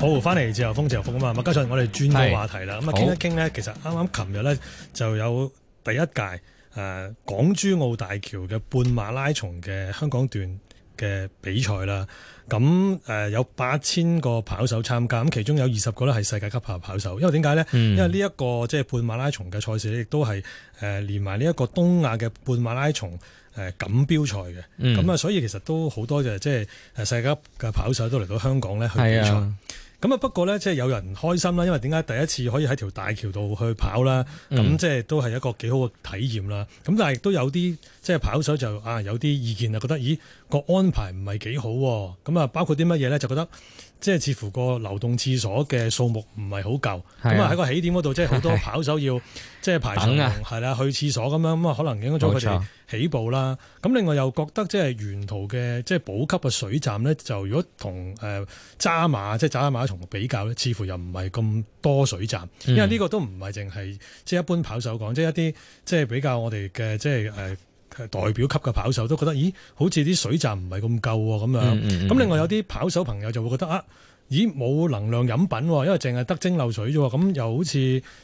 好，翻嚟自由風自由風啊嘛！咁啊，加上我哋轉個話題啦，咁啊傾一傾咧。其實啱啱琴日咧就有第一屆誒港、呃、珠澳大橋嘅半馬拉松嘅香港段嘅比賽啦。咁誒、呃、有八千個跑手參加，咁其中有二十個咧係世界級級跑手。因為點解咧？嗯、因為呢、這、一個即係、就是、半馬拉松嘅賽事咧，亦都係誒、呃、連埋呢一個東亞嘅半馬拉松誒、呃、錦標賽嘅。咁啊、嗯，所以其實都好多嘅即係世界級嘅跑手都嚟到香港咧去比賽。嗯嗯。咁啊，不過呢，即係有人開心啦，因為點解第一次可以喺條大橋度去跑啦，咁即係都係一個幾好嘅體驗啦。咁、嗯、但係亦都有啲即係跑手就啊，有啲意見啊，覺得咦個安排唔係幾好喎。咁啊，包括啲乜嘢呢？就覺得。即係似乎個流動廁所嘅數目唔係好夠，咁啊喺個起點嗰度即係好多跑手要 即係排長龍係啦，去廁所咁樣，咁啊可能影響咗佢哋起步啦。咁錯另外又覺得即係沿途嘅即係補給嘅水站咧，就如果同誒渣馬即係渣馬一同比較咧，似乎又唔係咁多水站，嗯、因為呢個都唔係淨係即係一般跑手講，即係一啲即係比較我哋嘅即係誒。呃代表級嘅跑手都覺得，咦，好似啲水站唔係咁夠喎、啊、咁樣。咁、嗯嗯嗯嗯、另外有啲跑手朋友就會覺得啊，咦，冇能量飲品喎、啊，因為淨係得蒸餾水啫、啊、喎。咁又好似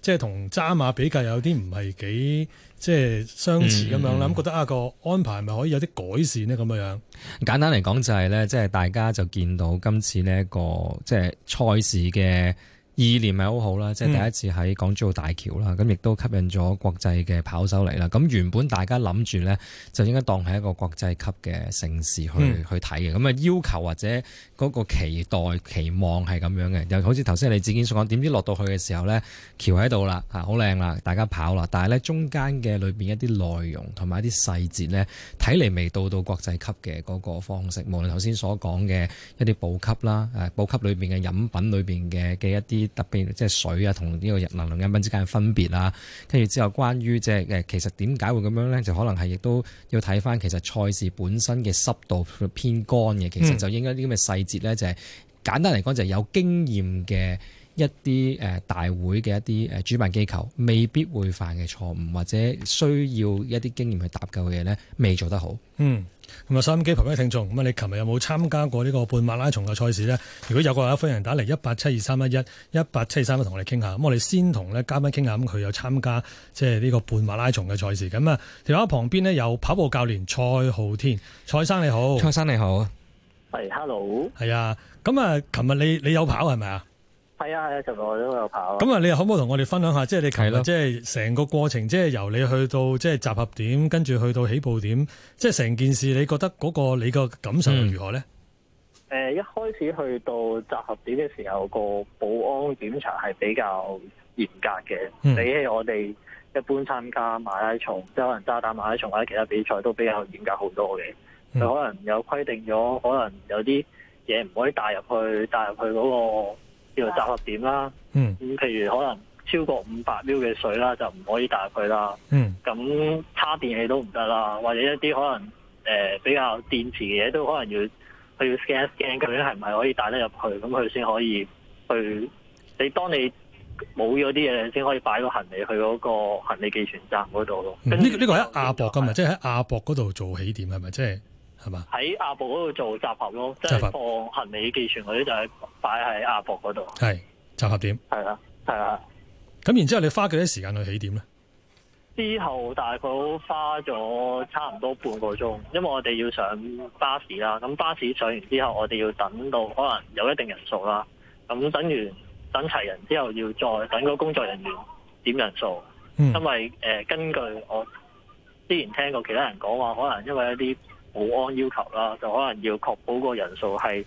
即係同渣馬比較有啲唔係幾即係相似咁樣啦。咁、嗯嗯嗯嗯、覺得啊，個安排係咪可以有啲改善呢？咁樣。簡單嚟講就係、是、咧，即係大家就見到今次呢、這、一個即係、就是、賽事嘅。意念咪好好啦，即係第一次喺港珠澳大橋啦，咁亦都吸引咗國際嘅跑手嚟啦。咁原本大家諗住咧，就應該當係一個國際級嘅盛事去去睇嘅。咁啊、嗯、要求或者嗰個期待期望係咁樣嘅，又好似頭先你自己所講，點知落到去嘅時候咧，橋喺度啦，吓好靚啦，大家跑啦。但係咧，中間嘅裏邊一啲內容同埋一啲細節咧，睇嚟未到到國際級嘅嗰個方式。無論頭先所講嘅一啲補給啦，誒補給裏邊嘅飲品裏邊嘅嘅一啲。特別即係水啊，同呢個能量飲品之間嘅分別啦。跟住之後關於即係誒，其實點解會咁樣咧？就可能係亦都要睇返其實賽事本身嘅濕度偏乾嘅，其實就應該呢啲咁嘅細節咧、就係，就係簡單嚟講，就係有經驗嘅。一啲誒大會嘅一啲誒主辦機構未必會犯嘅錯誤，或者需要一啲經驗去搭救嘅嘢咧，未做得好。嗯，咁啊，收音機旁邊嘅聽眾，咁啊，你琴日有冇參加過呢個半馬拉松嘅賽事咧？如果有嘅話，歡迎打嚟一八七二三一一，一八七二三一同我哋傾下。咁我哋先同咧嘉賓傾下，咁佢有參加即係呢個半馬拉松嘅賽事。咁啊，電話旁邊呢有跑步教練蔡浩天，蔡生你好，蔡生你好，喂 hello，係啊，咁啊，琴日你你有跑係咪啊？係啊係啊，就我都有跑。咁啊，你可唔可以同我哋分享下，即、就、係、是、你琴日即係成個過程，即、就、係、是、由你去到即係集合點，跟住去到起步點，即係成件事，你覺得嗰、那個你個感受如何咧？誒、嗯，嗯、一開始去到集合點嘅時候，個保安檢查係比較嚴格嘅，嗯、比起我哋一般參加馬拉松，即係可能渣打馬拉松或者其他比賽，都比較嚴格好多嘅。佢、嗯、可能有規定咗，可能有啲嘢唔可以帶入去，帶入去嗰、那個。叫做集合點啦，咁譬、嗯、如可能超過五百 mL 嘅水啦，就唔可以帶入去啦。咁叉電器都唔得啦，或者一啲可能誒比較電池嘅嘢都可能要佢要 scan scan，究竟係唔係可以帶得入去，咁佢先可以去。你當你冇咗啲嘢你先可以擺個行李去嗰個行李寄存站嗰度咯。呢呢個喺亞博㗎嘛？對。即係喺亞博嗰度做起點係咪？即係。喺亞博嗰度做集合咯，即係放行李寄存嗰啲就係擺喺亞博嗰度。係集合點。係啦、啊，係啦、啊。咁然之後你花幾多時間去起點咧？之後大概都花咗差唔多半個鐘，因為我哋要上巴士啦。咁巴士上完之後，我哋要等到可能有一定人數啦。咁等完等齊人之後，要再等個工作人員點人數。嗯、因為誒、呃，根據我之前聽過其他人講話，可能因為一啲。保安要求啦，就可能要確保個人數係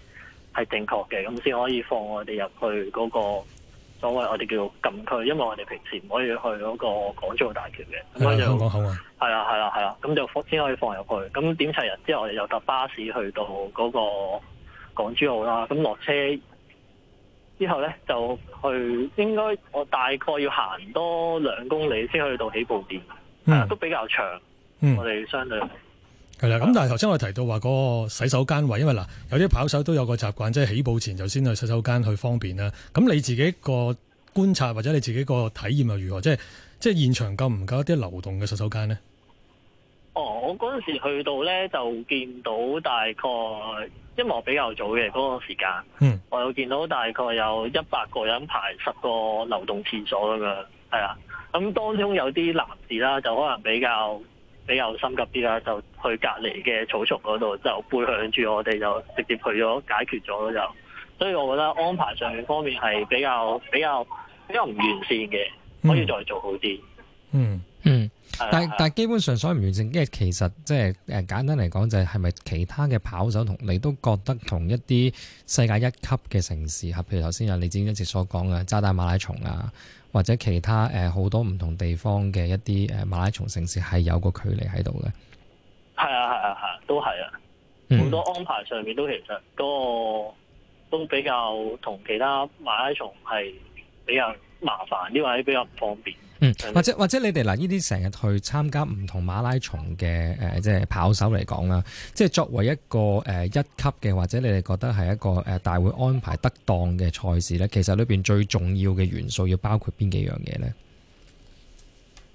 係正確嘅，咁先可以放我哋入去嗰個所謂我哋叫做禁區，因為我哋平時唔可以去嗰個港珠澳大橋嘅，咁就係啊，係啊，係啊，咁就先可以放入去。咁點齊人之後，我哋又搭巴士去到嗰個港珠澳啦。咁落車之後呢，就去應該我大概要行多兩公里先去到起步點，嗯，都比較長。我哋相對。係啦，咁但係頭先我提到話嗰個洗手間位，因為嗱有啲跑手都有個習慣，即係起步前就先去洗手間去方便啦。咁你自己個觀察或者你自己個體驗又如何？即係即係現場夠唔夠一啲流動嘅洗手間呢？哦，我嗰陣時去到呢，就見到大概，因為我比較早嘅嗰個時間，嗯，我又見到大概有一百個人排十個流動廁所咁樣，係啦。咁當中有啲男士啦，就可能比較。比較心急啲啦，就去隔離嘅草叢嗰度，就背向住我哋，就直接去咗解決咗就，所以我覺得安排上面方面係比較比較比較唔完善嘅，可以再做好啲。嗯。嗯。但係但係基本上所以唔完成，即係其實即係誒簡單嚟講，就是，就係係咪其他嘅跑手同你都覺得同一啲世界一級嘅城市，嚇，譬如頭先啊，李子英一直所講嘅渣打馬拉松啊，或者其他誒好多唔同地方嘅一啲誒馬拉松城市係有個距離喺度嘅。係啊係啊係，都係啊，好多安排上面都其實個都，都比較同其他馬拉松係比較麻煩啲或者比較唔方便。或者或者你哋嗱呢啲成日去參加唔同馬拉松嘅誒、呃、即係跑手嚟講啦，即係作為一個誒、呃、一級嘅，或者你哋覺得係一個誒、呃、大會安排得當嘅賽事咧，其實裏邊最重要嘅元素要包括邊幾樣嘢咧？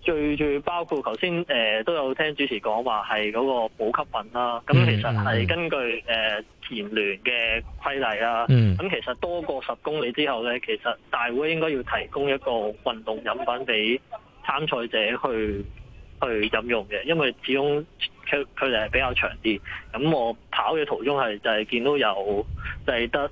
最最包括頭先誒都有聽主持講話，係嗰個補給品啦，咁其實係根據誒、呃、田聯嘅規例啦，嗯，咁其實多過十公里之後咧，其實大會應該要提供一個運動飲品俾參賽者去去飲用嘅，因為始終佢佢哋係比較長啲，咁我跑嘅途中係就係見到有就係得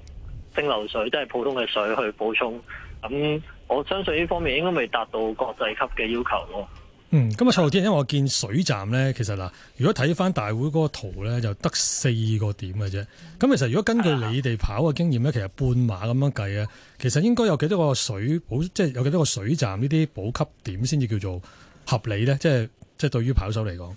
蒸餾水，即係普通嘅水去補充咁。我相信呢方面應該未達到國際級嘅要求咯。嗯，今日蔡浩天，因為我見水站咧，其實嗱，如果睇翻大會嗰個圖咧，就得四個點嘅啫。咁其實如果根據你哋跑嘅經驗咧，其實半馬咁樣計咧，其實應該有幾多個水補，即係有幾多個水站呢啲補給點先至叫做合理咧？即係即係對於跑手嚟講。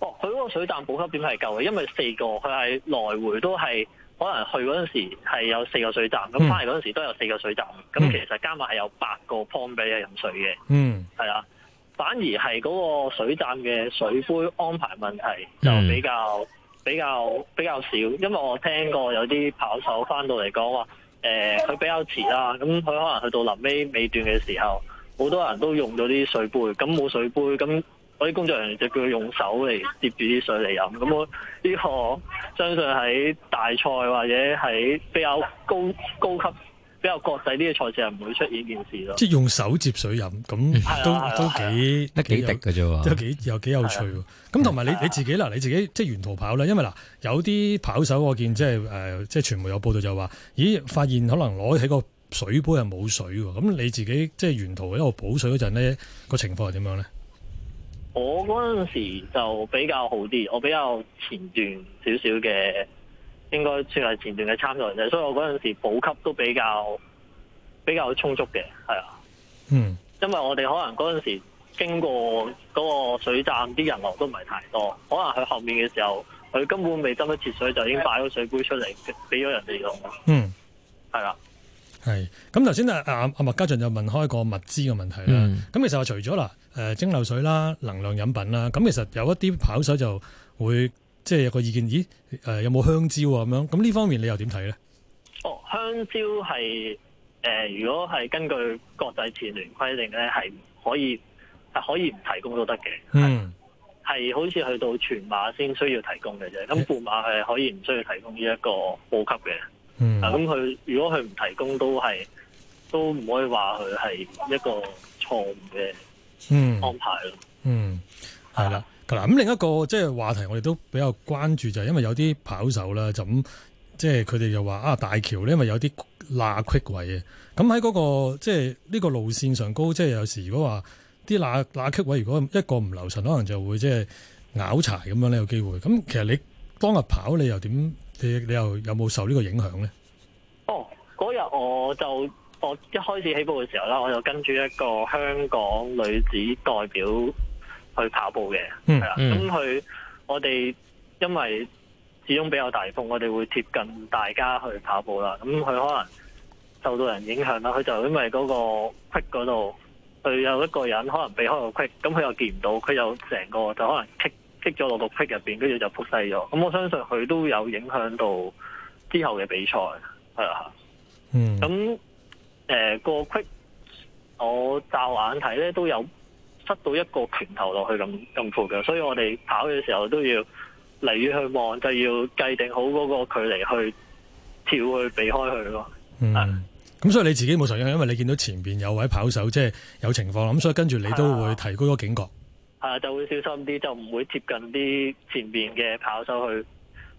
哦，佢嗰個水站補給點係夠嘅，因為四個佢係來回都係。可能去嗰陣時係有四個水站，咁翻嚟嗰陣時都有四個水站，咁、嗯、其實加埋係有八個 point 俾你飲水嘅，係啊、嗯。反而係嗰個水站嘅水杯安排問題就比較、嗯、比較比較少，因為我聽過有啲跑手翻到嚟講話，誒、呃、佢比較遲啦，咁佢可能去到臨尾尾段嘅時候，好多人都用咗啲水杯，咁冇水杯咁。我啲工作人員就叫佢用手嚟接住啲水嚟飲，咁我呢個我相信喺大賽或者喺比較高高級、比較國際啲嘅賽事係唔會出現呢件事咯。即係用手接水飲，咁都 都，都幾得幾滴嘅啫喎，即係幾又幾，幾有趣。咁同埋你你自己嗱，你自己，你自己即係沿途跑啦，因為嗱有啲跑手我見即係誒，即係、呃、傳媒有報道就話，咦發現可能攞起個水杯又冇水喎。咁你自己即係沿途喺度補水嗰陣咧，個情況係點樣咧？我嗰陣時就比較好啲，我比較前段少少嘅，應該算係前段嘅參賽者。所以我嗰陣時補給都比較比較充足嘅，係啊。嗯，因為我哋可能嗰陣時經過嗰個水站啲人流都唔係太多，可能佢後面嘅時候佢根本未斟得切水就已經擺咗水杯出嚟俾咗人哋用，這個。嗯，係啦。係，咁頭先啊啊麥嘉俊就問開個物資嘅問題啦。咁、嗯、其實話除咗嗱，誒、呃、蒸餾水啦、能量飲品啦，咁其實有一啲跑手就會即係有個意見，咦誒、呃、有冇香蕉啊？咁樣？咁呢方面你又點睇咧？哦，香蕉係誒、呃，如果係根據國際田聯規定咧，係可以係可以唔提供都得嘅。嗯，係好似去到全馬先需要提供嘅啫。咁半馬係可以唔需要提供呢一個補給嘅。嗯，咁佢如果佢唔提供，都係都唔可以話佢係一個錯誤嘅安排咯，嗯。嗯，係啦吧，嗱，咁另一個即係話題，我哋都比較關注就係、是、因為有啲跑手啦，就咁即係佢哋又話啊大橋咧，因為有啲罅隙位嘅，咁喺嗰個即係呢個路線上高，即、就、係、是、有時如果話啲罅罅隙位，如果一個唔留神，可能就會即係拗柴咁樣呢，有機會。咁其實你。當日跑你又點？你你又有冇受呢個影響呢？哦，嗰日我就我一開始起步嘅時候啦，我就跟住一個香港女子代表去跑步嘅，係啦、嗯。咁佢、嗯嗯、我哋因為始終比較大風，我哋會貼近大家去跑步啦。咁佢可能受到人影響啦，佢就因為嗰個 quick 嗰度，佢有一個人可能避開個 quick，咁佢又見唔到，佢又成個就可能 quick。擊咗落個隙入邊，跟住就扑細咗。咁我相信佢都有影響到之後嘅比賽，係啊。嗯。咁誒、呃那個隙，我驟眼睇咧都有塞到一個拳頭落去咁咁闊嘅，所以我哋跑嘅時候都要嚟於去望，就要計定好嗰個距離去跳去避開佢咯。嗯。咁、啊、所以你自己冇受傷，因為你見到前邊有位跑手即係、就是、有情況，咁所以跟住你都會提高個警覺。啊啊，就會小心啲，就唔會接近啲前面嘅跑手去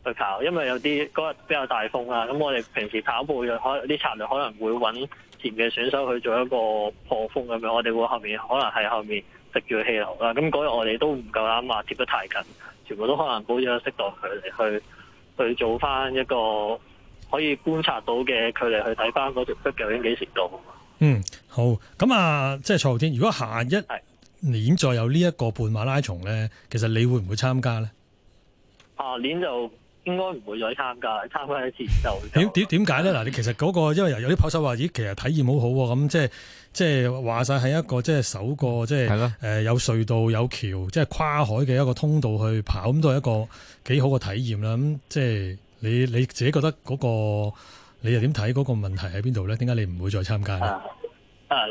去跑，因為有啲嗰日比較大風啦。咁我哋平時跑步嘅可啲策略可能會揾前面嘅選手去做一個破風咁樣，我哋會後面可能係後面食住氣流啦。咁嗰日我哋都唔夠膽話貼得太近，全部都可能保咗一個適當距離去去做翻一個可以觀察到嘅距離去睇翻嗰條腳究竟幾時到。嗯，好。咁啊，即係蔡浩天，如果下一年再有呢一個半馬拉松咧，其實你會唔會參加咧？下、啊、年就應該唔會再參加，參加一次就點點點解咧？嗱，你其實嗰、那個因為有啲跑手話，咦，其實體驗好好喎，咁即係即係話晒係一個即係首個即係誒、呃、有隧道有橋，即係跨海嘅一個通道去跑，咁都係一個幾好嘅體驗啦。咁即係你你自己覺得嗰、那個你又點睇嗰個問題喺邊度咧？點解你唔會再參加咧？啊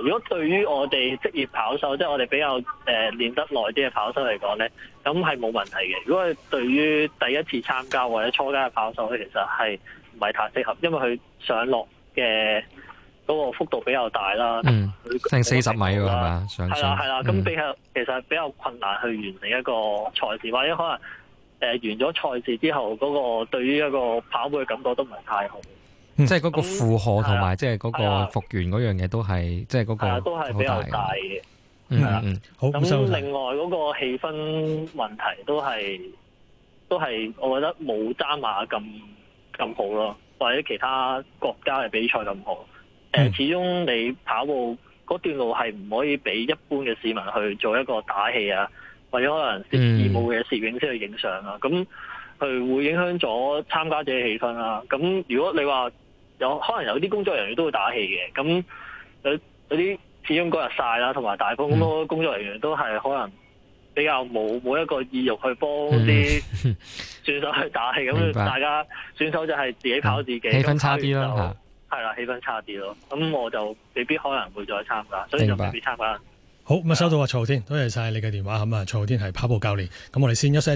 如果對於我哋職業跑手，即、就、係、是、我哋比較誒、呃、練得耐啲嘅跑手嚟講呢咁係冇問題嘅。如果係對於第一次參加或者初階嘅跑手，呢其實係唔係太適合，因為佢上落嘅嗰個幅度比較大啦。嗯，成四十米㗎、啊、嘛，吧上，上。係啦，係啦，咁、嗯、比較其實比較困難去完成一個賽事，或者可能誒、呃、完咗賽事之後嗰、那個對於一個跑步嘅感覺都唔係太好。即係嗰個負荷同埋，嗯、即係嗰個復原嗰樣嘢都係，即係嗰個都係比較大嘅。嗯嗯，的好咁。另外嗰個氣氛問題都係，嗯、都係我覺得冇渣馬咁咁好咯，或者其他國家嘅比賽咁好。誒、嗯，始終你跑步嗰段路係唔可以俾一般嘅市民去做一個打氣啊，或者可能攝影部嘅攝影師去影相啊，咁係、嗯、會影響咗參加者嘅氣氛啦、啊。咁如果你話，有可能有啲工作人員都會打氣嘅，咁有啲始終嗰日曬啦，同埋大風，咁、嗯、多工作人員都係可能比較冇冇一個意欲去幫啲選手去打氣，咁、嗯、大家選手就係自己跑自己，氣氛差啲咯，係啦，氣氛差啲咯，咁、啊、我就未必可能會再參加，所以就未必參加。白嗯、好，咁啊，收到阿蔡浩天，多謝晒你嘅電話，咁啊，蔡浩天係跑步教練，咁我哋先休息。